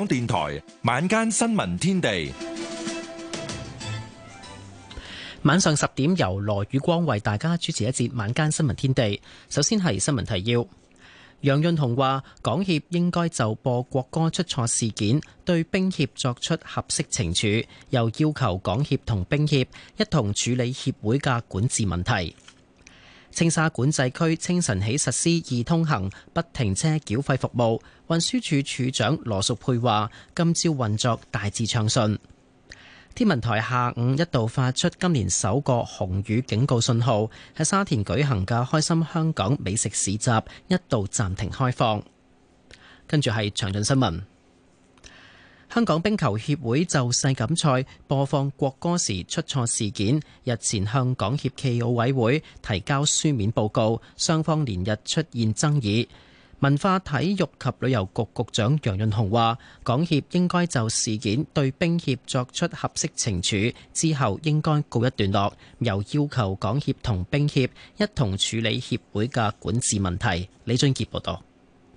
港電台晚間新聞天地，晚上十點由羅宇光為大家主持一節晚間新聞天地。首先係新聞提要：楊潤雄話，港協應該就播國歌出錯事件對冰協，作出合適懲處，又要求港協同冰協一同處理協會嘅管治問題。青沙管制區清晨起實施易通行、不停車繳費服務。運輸署署長羅淑佩話：今朝運作大致暢順。天文台下午一度發出今年首個紅雨警告信號，喺沙田舉行嘅開心香港美食市集一度暫停開放。跟住係詳盡新聞。香港冰球協會就世錦賽播放國歌時出錯事件，日前向港協暨奧委會提交書面報告，雙方連日出現爭議。文化體育及旅遊局局，局長楊潤雄話港協應該就事件對冰協作出合適懲處，之後應該告一段落，又要求港協同冰協一同處理協會嘅管治問題，李俊傑報道。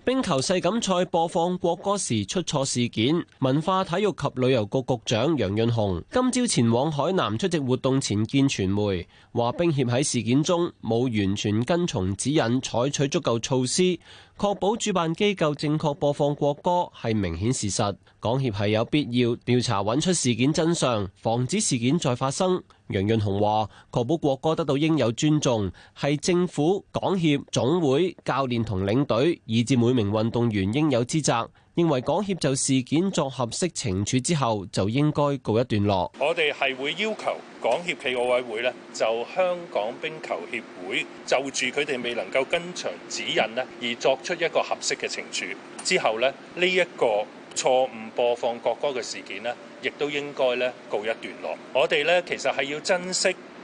冰球世錦賽播放國歌時出錯事件，文化體育及旅遊局局長楊潤雄今朝前往海南出席活動前見傳媒，話冰協喺事件中冇完全跟從指引，採取足夠措施確保主辦機構正確播放國歌，係明顯事實。港協係有必要調查揾出事件真相，防止事件再發生。楊潤雄話：確保國歌得到應有尊重，係政府、港協、總會、教練同領隊，以至每名運動員應有之責。認為港協就事件作合適懲處之後，就應該告一段落。我哋係會要求港協暨奧委會呢，就香港冰球協會就住佢哋未能夠跟場指引呢，而作出一個合適嘅懲處之後呢，呢一個。錯誤播放國歌嘅事件呢，亦都應該呢告一段落。我哋呢，其實係要珍惜。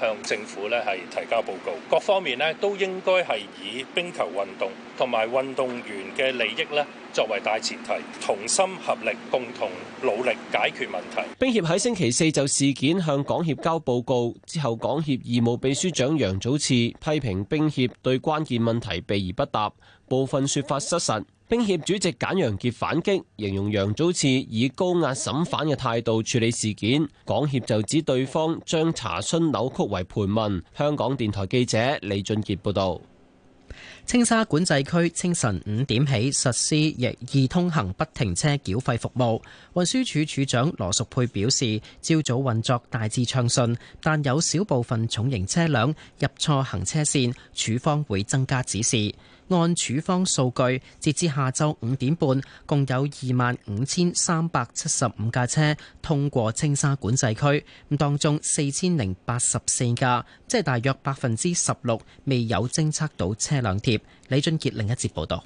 向政府咧，係提交報告，各方面咧都應該係以冰球運動同埋運動員嘅利益咧。作為大前提，同心合力，共同努力解決問題。冰協喺星期四就事件向港協交報告之後，港協義務秘書長楊祖次批評冰協對關鍵問題避而不答，部分說法失實。冰協主席簡陽傑反擊，形容楊祖次以高壓審犯嘅態度處理事件。港協就指對方將查詢扭曲為盤問。香港電台記者李俊傑報道。青沙管制區清晨五點起實施易通行不停車繳費服務。運輸署署長羅淑佩表示，朝早運作大致暢順，但有少部分重型車輛入錯行車線，處方會增加指示。按處方數據，截至下晝五點半，共有二萬五千三百七十五架車通過青沙管制區，當中四千零八十四架，即係大約百分之十六未有偵測到車輛貼。李俊傑另一節報導，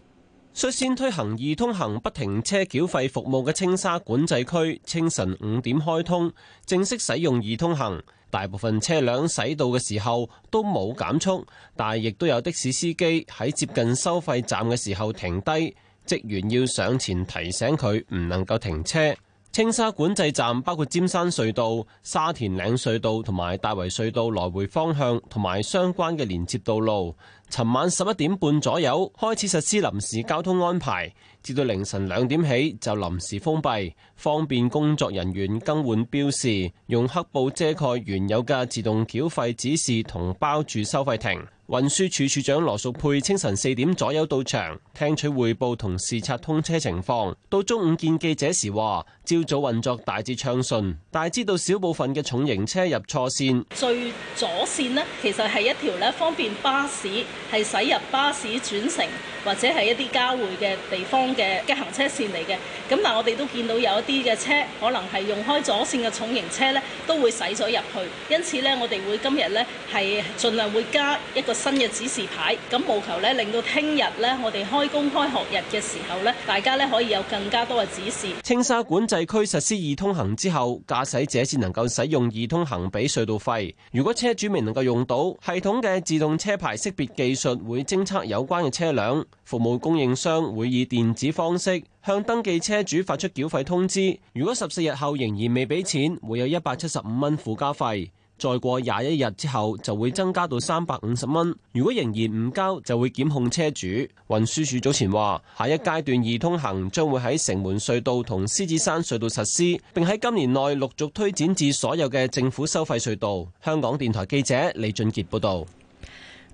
率先推行易通行不停車繳費服務嘅青沙管制區，清晨五點開通，正式使用易通行。大部分車輛駛到嘅時候都冇減速，但係亦都有的士司機喺接近收費站嘅時候停低，職員要上前提醒佢唔能夠停車。青沙管制站包括尖山隧道、沙田嶺隧道同埋大圍隧道來回方向同埋相關嘅連接道路。尋晚十一點半左右開始實施臨時交通安排，至到凌晨兩點起就臨時封閉，方便工作人員更換標示，用黑布遮蓋原有嘅自動繳費指示同包住收費亭。運輸署署署長羅淑佩清晨四點左右，到場聽取匯報同視察通車情況，到中午見記者時話，朝早運作大致暢順，但係知道少部分嘅重型車入錯線。最左線呢，其實係一條呢方便巴士係駛入巴士轉乘。或者係一啲交匯嘅地方嘅急行車線嚟嘅，咁但係我哋都見到有一啲嘅車，可能係用開左線嘅重型車咧，都會駛咗入去。因此咧，我哋會今日咧係盡量會加一個新嘅指示牌，咁務求咧令到聽日咧我哋開工開學日嘅時候咧，大家咧可以有更加多嘅指示。青沙管制區實施易通行之後，駕駛者先能夠使用易通行俾隧道費。如果車主未能夠用到，系統嘅自動車牌識別技術會偵測有關嘅車輛。服務供應商會以電子方式向登記車主發出繳費通知。如果十四日後仍然未俾錢，會有一百七十五蚊附加費；再過廿一日之後就會增加到三百五十蚊。如果仍然唔交，就會檢控車主。運輸署早前話，下一階段易通行將會喺城門隧道同獅子山隧道實施，並喺今年內陸續推展至所有嘅政府收費隧道。香港電台記者李俊傑報道。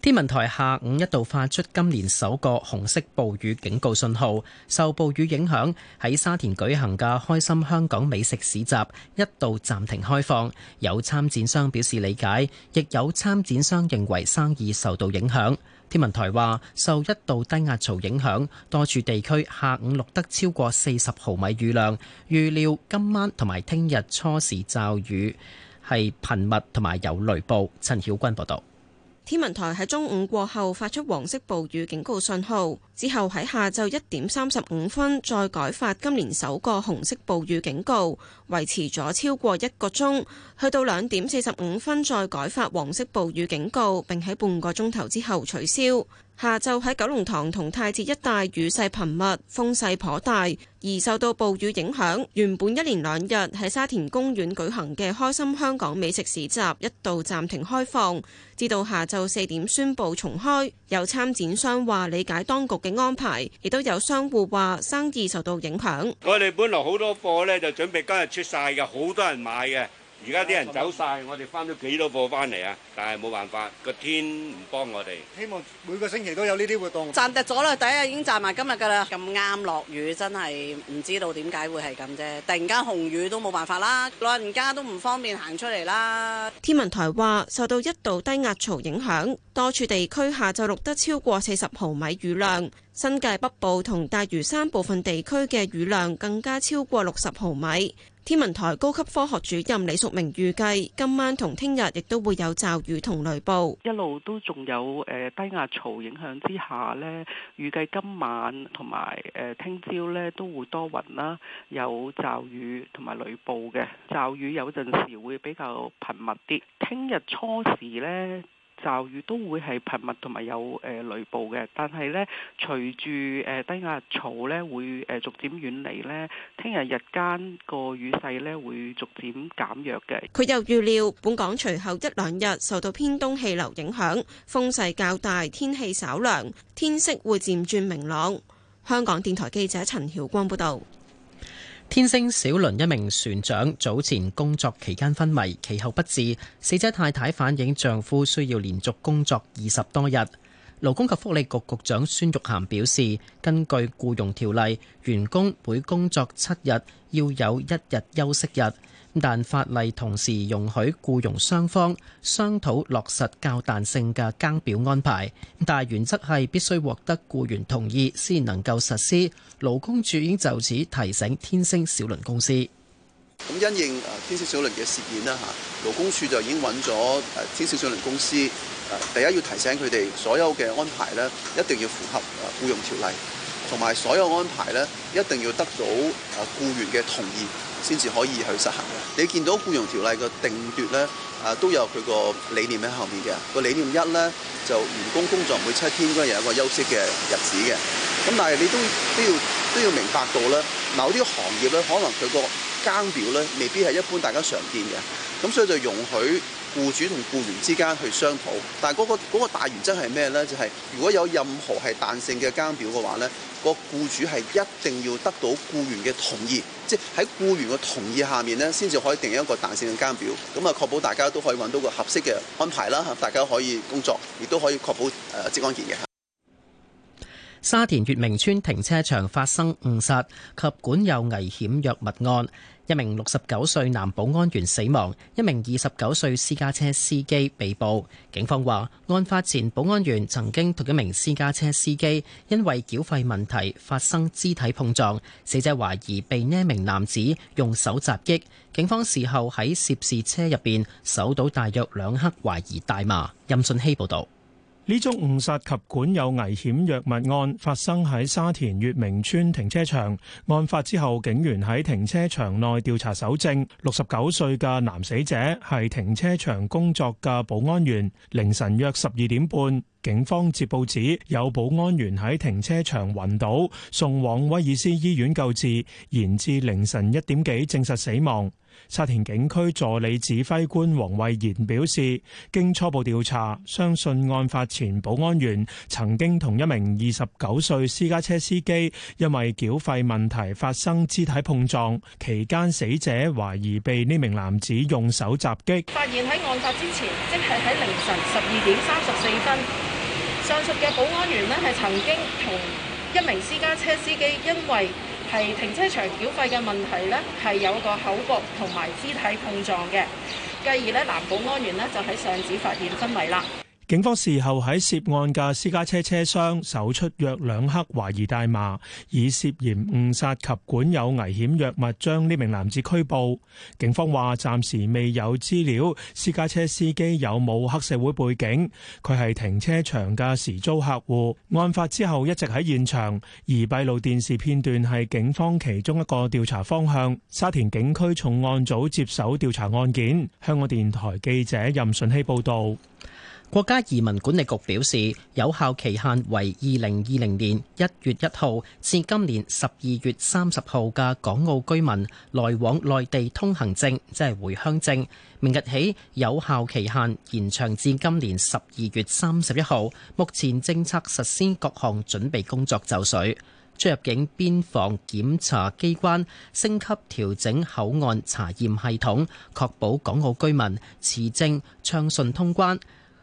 天文台下午一度發出今年首個紅色暴雨警告信號，受暴雨影響，喺沙田舉行嘅開心香港美食市集一度暫停開放。有參展商表示理解，亦有參展商認為生意受到影響。天文台話，受一道低壓槽影響，多處地區下午錄得超過四十毫米雨量，預料今晚同埋聽日初時驟雨係頻密同埋有雷暴。陳曉君報道。天文台喺中午過後發出黃色暴雨警告信號，之後喺下晝一點三十五分再改發今年首個紅色暴雨警告，維持咗超過一個鐘，去到兩點四十五分再改發黃色暴雨警告，並喺半個鐘頭之後取消。下晝喺九龍塘同太子一帶雨勢頻密，風勢頗大，而受到暴雨影響，原本一連兩日喺沙田公園舉行嘅《開心香港美食市集》一度暫停開放，至到下晝四點宣布重開。有參展商話理解當局嘅安排，亦都有商戶話生意受到影響。我哋本來好多貨呢，就準備今日出晒嘅，好多人買嘅。而家啲人走晒，我哋翻咗幾多貨翻嚟啊！但係冇辦法，個天唔幫我哋。希望每個星期都有呢啲活動。賺得咗啦，第一日已經賺埋今日㗎啦。咁啱落雨，真係唔知道點解會係咁啫。突然間紅雨都冇辦法啦，老人家都唔方便行出嚟啦。天文台話，受到一道低壓槽影響，多處地區下晝錄得超過四十毫米雨量，新界北部同大嶼山部分地區嘅雨量更加超過六十毫米。天文台高級科學主任李淑明預計，今晚同聽日亦都會有驟雨同雷暴，一路都仲有誒低壓槽影響之下呢，預計今晚同埋誒聽朝呢都會多雲啦，有驟雨同埋雷暴嘅。驟雨有陣時會比較頻密啲，聽日初時呢。暴雨都會係頻密同埋有誒雷暴嘅，但係呢，隨住誒低壓槽咧會誒逐漸遠離咧，聽日日間個雨勢咧會逐漸減弱嘅。佢又預料，本港隨後一兩日受到偏東氣流影響，風勢較大，天氣稍涼，天色會漸轉明朗。香港電台記者陳曉光報導。天星小輪一名船長早前工作期間昏迷，其後不治。死者太太反映丈夫需要連續工作二十多日。勞工及福利局局，局長孫玉菡表示，根據僱傭條例，員工每工作七日要有一日休息日。但法例同時容許僱傭雙方商討落實較彈性嘅更表安排，但原則係必須獲得僱員同意先能夠實施。勞工處已經就此提醒天星小輪公司。咁因應誒天星小輪嘅事件啦嚇，勞工處就已經揾咗誒天星小輪公司誒，第一要提醒佢哋所有嘅安排呢一定要符合誒僱傭條例，同埋所有安排呢一定要得到誒僱員嘅同意。先至可以去實行。你見到雇傭條例嘅定奪咧，啊都有佢個理念喺後面嘅。個理念一咧，就員工工作每七天應該有一個休息嘅日子嘅。咁但係你都都要都要明白到咧，某啲行業咧，可能佢個更表咧未必係一般大家常見嘅。咁所以就容許。雇主同雇員之間去商討，但係、嗰個、嗰個大原則係咩呢？就係、係、如果有任何係彈性嘅更表嘅話呢、個雇主係一定要得到雇員嘅同意，即係喺雇員嘅同意下面呢，先至可以定一個彈性嘅更表。咁啊，確保大家都可以揾到個合適嘅安排啦，大家可以工作，亦都可以確保誒職安健嘅。沙田月明村停車場發生誤殺及管有危險藥物案，一名六十九歲男保安員死亡，一名二十九歲私家車司機被捕。警方話，案發前保安員曾經同一名私家車司機因為繳費問題發生肢體碰撞，死者懷疑被呢名男子用手襲擊。警方事後喺涉事車入邊搜到大約兩克懷疑大麻。任信希報道。呢宗誤殺及管有危險藥物案發生喺沙田月明村停車場。案發之後，警員喺停車場內調查搜證。六十九歲嘅男死者係停車場工作嘅保安員。凌晨約十二點半，警方接報指有保安員喺停車場暈倒，送往威爾斯醫院救治，延至凌晨一點幾證實死亡。沙田警區助理指揮官黃慧賢表示，經初步調查，相信案發前保安員曾經同一名二十九歲私家車司機因為繳費問題發生肢體碰撞，期間死者懷疑被呢名男子用手襲擊。發現喺案發之前，即係喺凌晨十二點三十四分，上述嘅保安員呢係曾經同一名私家車司機因為，係停車場繳費嘅問題咧，係有一個口角同埋肢體碰撞嘅，繼而咧男保安員咧就喺上址發現昏迷啦。警方事後喺涉案嘅私家車車廂搜出約兩克懷疑大麻，以涉嫌誤殺及管有危險藥物將呢名男子拘捕。警方話暫時未有資料，私家車司機有冇黑社會背景？佢係停車場嘅時租客戶。案發之後一直喺現場，而閉路電視片段係警方其中一個調查方向。沙田警區重案組接手調查案件。香港電台記者任順希報道。國家移民管理局表示，有效期限為二零二零年一月一號至今年十二月三十號嘅港澳居民來往內地通行證，即係回鄉證，明日起有效期限延長至今年十二月三十一號。目前政策實施各項準備工作就緒，出入境邊防檢查機關升級調整口岸查驗系統，確保港澳居民持證暢順通關。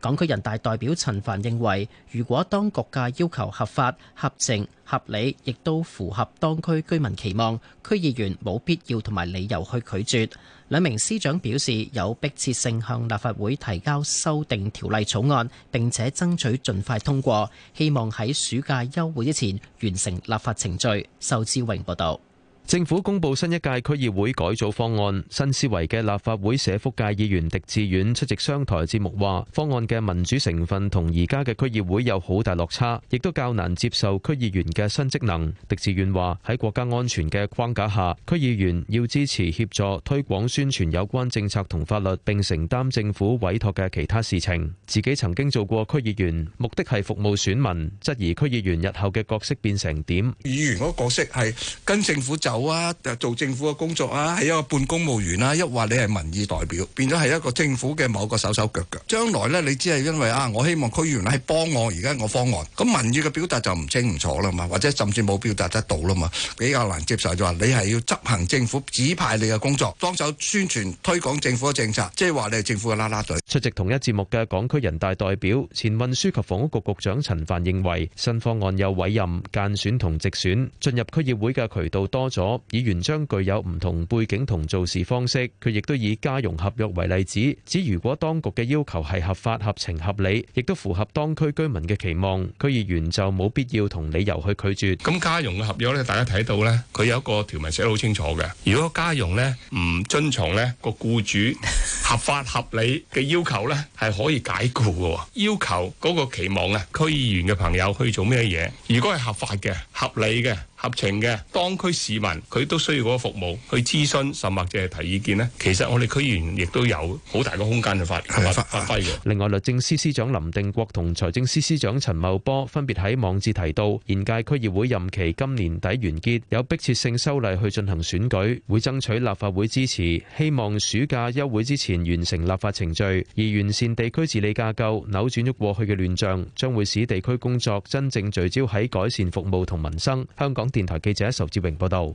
港區人大代表陳凡認為，如果當局嘅要求合法、合情、合理，亦都符合當區居民期望，區議員冇必要同埋理由去拒絕。兩名司長表示，有迫切性向立法會提交修訂條例草案，並且爭取盡快通過，希望喺暑假休會之前完成立法程序。仇志榮報道。政府公布新一屆區議會改組方案，新思維嘅立法會社福界議員狄志遠出席商台節目，話方案嘅民主成分同而家嘅區議會有好大落差，亦都較難接受區議員嘅新職能。狄志遠話喺國家安全嘅框架下，區議員要支持協助、推廣宣傳有關政策同法律，並承擔政府委託嘅其他事情。自己曾經做過區議員，目的係服務選民，質疑區議員日後嘅角色變成點？議員個角色係跟政府走。好啊，就做政府嘅工作啊，係一個半公務員啦，一話你係民意代表，變咗係一個政府嘅某個手手腳腳。將來呢，你只係因為啊，我希望區議員係幫我而家個方案，咁民意嘅表達就唔清唔楚啦嘛，或者甚至冇表達得到啦嘛，比較難接受就話你係要執行政府指派你嘅工作，幫手宣傳推廣政府嘅政策，即係話你係政府嘅啦啦隊。出席同一節目嘅港區人大代表、前運輸及房屋局局長陳帆認為，新方案有委任、間選同直選進入區議會嘅渠道多咗。議員將具有唔同背景同做事方式，佢亦都以家傭合約為例子，指如果當局嘅要求係合法、合情、合理，亦都符合當區居民嘅期望，區議員就冇必要同理由去拒絕。咁家傭嘅合約呢，大家睇到呢，佢有一個條文寫得好清楚嘅，如果家傭呢唔遵從呢個僱主合法合理嘅要求呢，係可以解僱嘅。要求嗰個期望啊，區議員嘅朋友去做咩嘢？如果係合法嘅、合理嘅。合情嘅，當區市民佢都需要嗰個服務去諮詢，甚或者係提意見呢。其實我哋區議員亦都有好大個空間去發言，係發揮嘅。另外，律政司司長林定國同財政司司長陳茂波分別喺網誌提到，現屆區議會任期今年底完結，有迫切性修例去進行選舉，會爭取立法會支持，希望暑假休會之前完成立法程序，而完善地區治理架構，扭轉咗過去嘅亂象，將會使地區工作真正聚焦喺改善服務同民生。香港。電台記者仇志榮報道：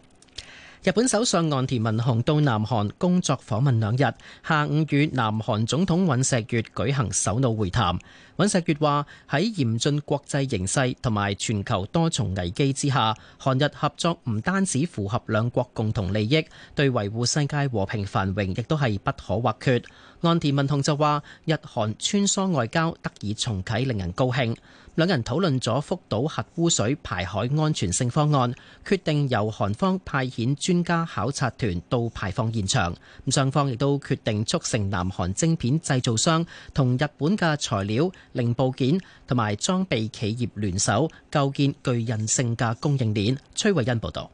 日本首相岸田文雄到南韓工作訪問兩日，下午與南韓總統尹錫悅舉行首腦會談。尹錫悅話喺嚴峻國際形勢同埋全球多重危機之下，韓日合作唔單止符合兩國共同利益，對維護世界和平繁榮亦都係不可或缺。岸田文雄就話：日韓穿梭外交得以重啟，令人高興。兩人討論咗福島核污水排海安全性方案，決定由韓方派遣專家考察團到排放現場。咁雙方亦都決定促成南韓晶片製造商同日本嘅材料、零部件同埋裝備企業聯手構建具韌性嘅供應鏈。崔慧恩報道，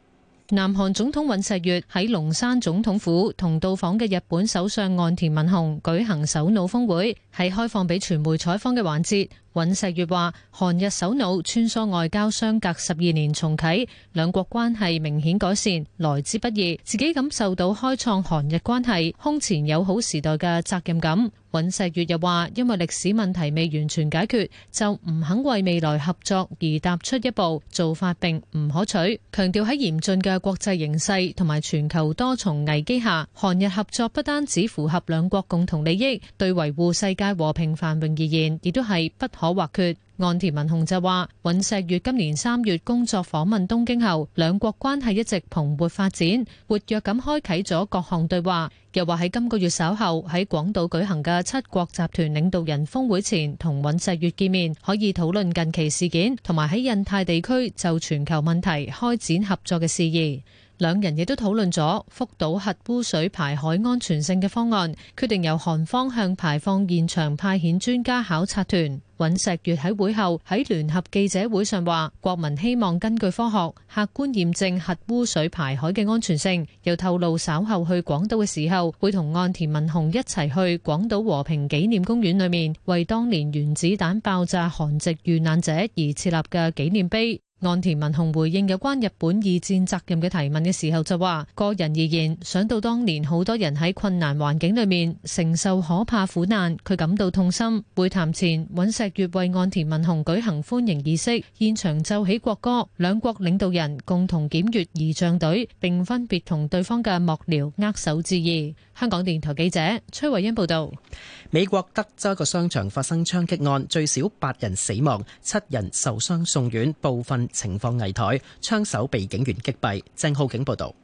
南韓總統尹錫悅喺龍山總統府同到訪嘅日本首相岸田文雄舉行首腦峰會，係開放俾傳媒採訪嘅環節。尹錫悅話：韓日首腦穿梭外交相隔十二年重啟，兩國關係明顯改善，來之不易。自己感受到開創韓日關係空前友好時代嘅責任感。尹錫悅又話：因為歷史問題未完全解決，就唔肯為未來合作而踏出一步，做法並唔可取。強調喺嚴峻嘅國際形勢同埋全球多重危機下，韓日合作不單止符合兩國共同利益，對維護世界和平繁榮而言，亦都係不。可或缺，岸田文雄就話，尹錫悅今年三月工作訪問東京後，兩國關係一直蓬勃發展，活躍咁開啟咗各項對話。又話喺今個月稍後喺廣島舉行嘅七國集團領導人峰會前，同尹錫悅見面，可以討論近期事件同埋喺印太地區就全球問題開展合作嘅事宜。兩人亦都討論咗福島核污水排海安全性嘅方案，決定由韓方向排放現場派遣專家考察團。尹錫悅喺會後喺聯合記者會上話，國民希望根據科學客觀驗證核污水排海嘅安全性，又透露稍後去廣島嘅時候，會同岸田文雄一齊去廣島和平紀念公園裏面，為當年原子彈爆炸韓籍遇難者而設立嘅紀念碑。岸田文雄回應有關日本二戰責任嘅提問嘅時候就話，個人而言，想到當年好多人喺困難環境裏面承受可怕苦難，佢感到痛心。會談前，尹錫悅為岸田文雄舉行歡迎儀式，現場奏起國歌，兩國領導人共同檢閱儀仗隊，并分別同對方嘅幕僚握手致意。香港電台記者崔慧恩報道。美國德州一個商場發生槍擊案，最少八人死亡，七人受傷送院，部分情況危殆，槍手被警員擊斃。鄭浩景報道。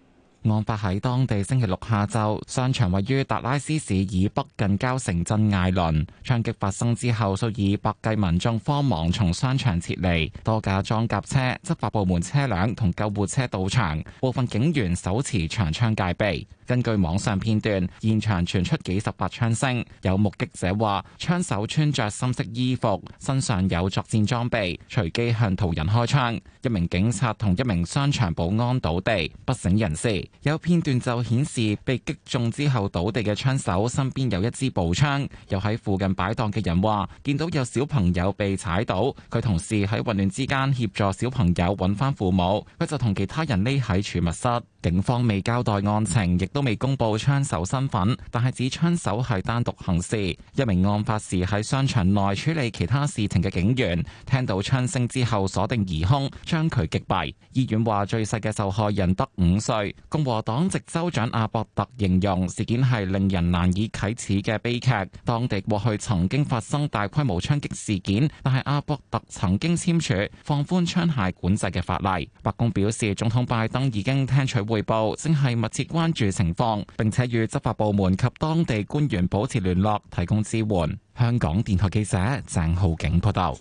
案發喺當地星期六下晝，商場位於達拉斯市以北近郊城鎮艾倫。槍擊發生之後，數以百計民眾慌忙從商場撤離，多架裝甲車、執法部門車輛同救護車到場，部分警員手持長槍戒備。根據網上片段，現場傳出幾十發槍聲，有目擊者話槍手穿着深色衣服，身上有作戰裝備，隨機向途人開槍。一名警察同一名商場保安倒地，不省人事。有片段就顯示被擊中之後倒地嘅槍手身邊有一支步槍。又喺附近擺檔嘅人話，見到有小朋友被踩倒。佢同事喺混亂之間協助小朋友揾翻父母，佢就同其他人匿喺儲物室。警方未交代案情，亦都未公布槍手身份，但係指槍手係單獨行事。一名案發時喺商場內處理其他事情嘅警員，聽到槍聲之後鎖定疑兇，將佢擊斃。醫院話最細嘅受害人得五歲。共和黨籍州長阿博特形容事件係令人難以啟齒嘅悲劇，當地過去曾經發生大規模槍擊事件，但係阿博特曾經簽署放寬槍械管制嘅法例。白宮表示，總統拜登已經聽取。匯報正係密切關注情況，並且與執法部門及當地官員保持聯絡，提供支援。香港電台記者鄭浩景報道。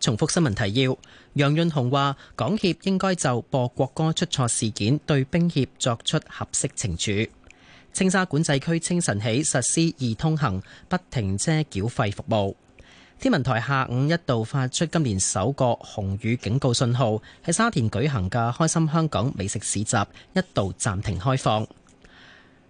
重複新聞提要：楊潤雄話，港協應該就播國歌出錯事件對冰協作出合適懲處。青沙管制區清晨起實施易通行、不停車繳費服務。天文台下午一度發出今年首個紅雨警告信號，喺沙田舉行嘅開心香港美食市集一度暫停開放。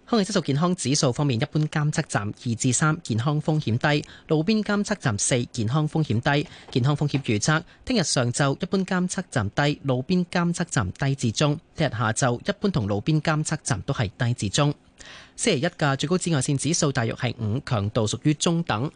空氣質素健康指數方面，一般監測站二至三，健康風險低；路邊監測站四，健康風險低。健康風險預測：聽日上晝一般監測站低，路邊監測站低至中；聽日下晝一般同路邊監測站都係低至中。星期一嘅最高紫外線指數大約係五，強度屬於中等。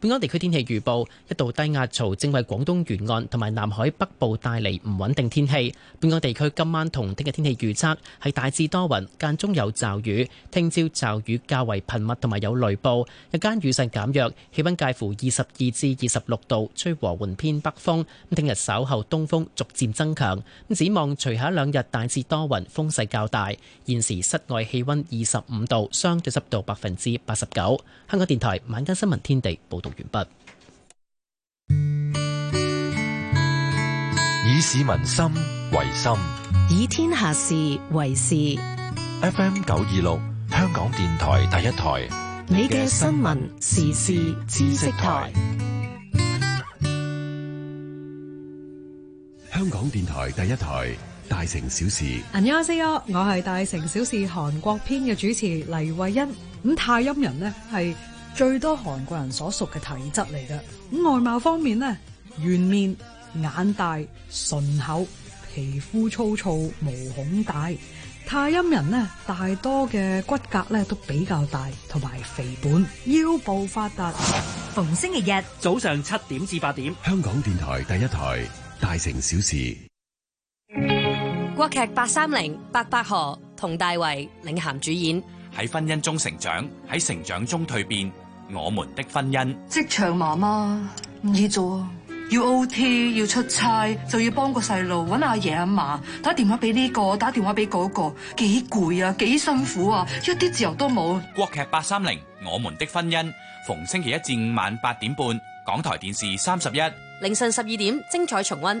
本港地區天氣預報，一道低壓槽正為廣東沿岸同埋南海北部帶嚟唔穩定天氣，本港地區今晚同聽日天氣預測係大致多雲間中有驟雨。聽朝驟雨較為頻密同埋有雷暴，日間雨勢減弱。氣温介乎二十二至二十六度，吹和緩偏北風，咁聽日稍後東風逐漸增強，咁展望隨後一兩日大致多雲風勢較大。現時室外氣温二十五度，相對濕度百分之八十九。香港電台晚間新聞天地報道。完畢，以市民心為心，以天下事為事。FM 九二六，香港電台第一台，你嘅新聞時事知識台，香港電台第一台大城小事。大家好，我係大城小事韓國編嘅主持黎慧恩。咁泰音人呢係。最多韓國人所屬嘅體質嚟嘅，咁外貌方面呢，圓面、眼大、唇厚、皮膚粗糙、毛孔大。太陰人呢，大多嘅骨骼咧都比較大，同埋肥胖、腰部發達。逢星期日早上七點至八點，香港電台第一台《大城小事》國劇 30, 伯伯。國劇《八三零》，白百何佟大為領銜主演。喺婚姻中成長，喺成長中蛻變。我們的婚姻職場媽媽唔易做啊，要 OT 要出差，就要幫個細路揾阿爺阿嫲，打電話俾呢個，打電話俾嗰個，幾攰啊，幾辛苦啊，一啲自由都冇。國劇八三零《我們的婚姻》，逢星期一至五晚八點半，港台電視三十一，凌晨十二點精彩重溫。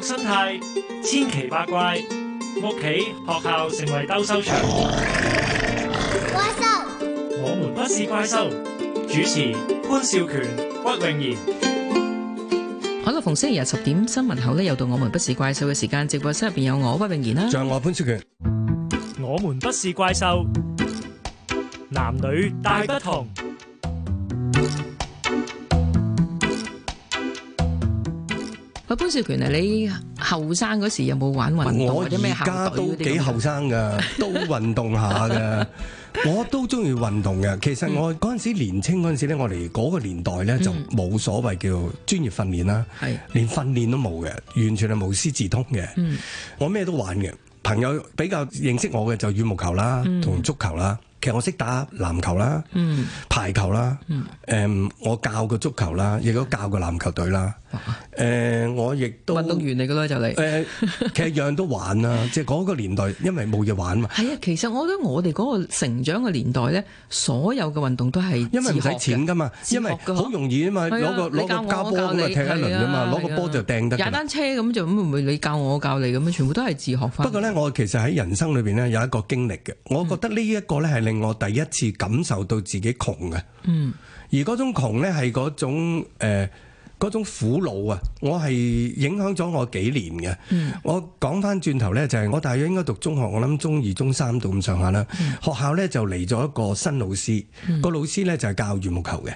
生態千奇百怪，屋企學校成為鬥獸場。怪獸塑，我們不是怪獸。主持潘少權、屈穎妍。好啦，逢星期日十點新聞後咧，又到我們不是怪獸嘅時間。直播室入邊有我屈穎妍啦，仲有我潘少權。我們不是怪獸，男女大不同。潘少權啊，你後生嗰時有冇玩運動或者咩校隊？我而家都幾後生噶， 都運動下噶，我都中意運動嘅。其實我嗰陣時年青嗰陣時咧，嗯、我哋嗰個年代咧就冇所謂叫專業訓練啦，係、嗯、連訓練都冇嘅，完全係無師自通嘅。嗯、我咩都玩嘅，朋友比較認識我嘅就羽毛球啦，同、嗯、足球啦。其實我識打籃球啦，嗯、排球啦。誒、嗯嗯，我教過足球啦，亦都教過籃球隊啦。誒，我亦都運動員嚟噶咯，就你。誒，其實樣樣都玩啊，即係嗰個年代，因為冇嘢玩嘛。係啊，其實我覺得我哋嗰個成長嘅年代咧，所有嘅運動都係因為唔使錢噶嘛，因為好容易啊嘛，攞個攞個膠波咁就踢一輪噶嘛，攞個波就掟得。踩單車咁就唔會，你教我教你咁啊，全部都係自學翻。不過咧，我其實喺人生裏邊咧有一個經歷嘅，我覺得呢一個咧係令我第一次感受到自己窮嘅。嗯。而嗰種窮咧係嗰種誒。嗰種苦惱啊，我係影響咗我幾年嘅。嗯、我講翻轉頭咧，就係、是、我大約應該讀中學，我諗中二、中三到咁上下啦。嗯、學校咧就嚟咗一個新老師，嗯、個老師咧就係、是、教羽毛球嘅。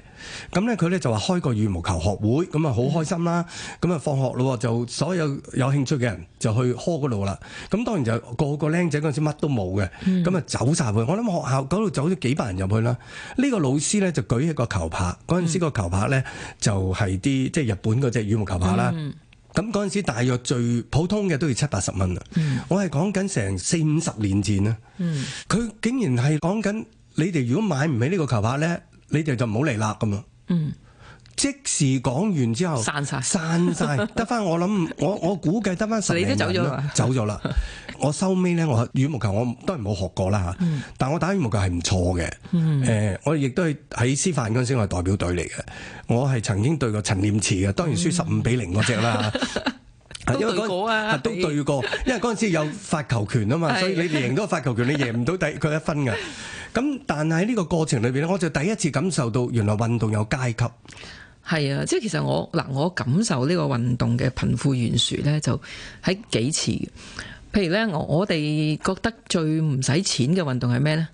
咁咧佢咧就話開個羽毛球學會，咁啊好開心啦。咁啊、嗯、放學咯。就所有有興趣嘅人就去呵嗰度啦。咁當然就個個僆仔嗰陣時乜都冇嘅，咁啊、嗯嗯、走晒去。我諗學校嗰度走咗幾百人入去啦。呢、呢個老師咧就舉起個球拍，嗰陣時個球拍咧就係啲。即係日本嗰隻羽毛球拍啦，咁嗰陣時大約最普通嘅都要七八十蚊啦。嗯、我係講緊成四五十年前啦，佢、嗯、竟然係講緊你哋如果買唔起呢個球拍咧，你哋就唔好嚟啦咁啊。嗯即時講完之後，散晒了，散晒，得翻。我諗，我我估計得翻十年啦，走咗啦了。 我收尾咧，我羽毛球我都係冇學過啦吓，嗯、但我打羽毛球係唔錯嘅。誒、嗯呃，我亦都係喺師範嗰陣時我係代表隊嚟嘅。我係曾經對過陳念慈嘅，當然輸十五比零嗰隻啦。都對過啊， 都對過。因為嗰陣、嗯、時有發球權啊嘛， 所以你贏到發球權，你贏唔到第佢一分嘅。咁但係呢個過程裏邊咧，我就第一次感受到原來運動有階級。係啊，即係其實我嗱，我感受呢個運動嘅貧富懸殊咧，就喺幾次。譬如咧，我哋覺得最唔使錢嘅運動係咩咧？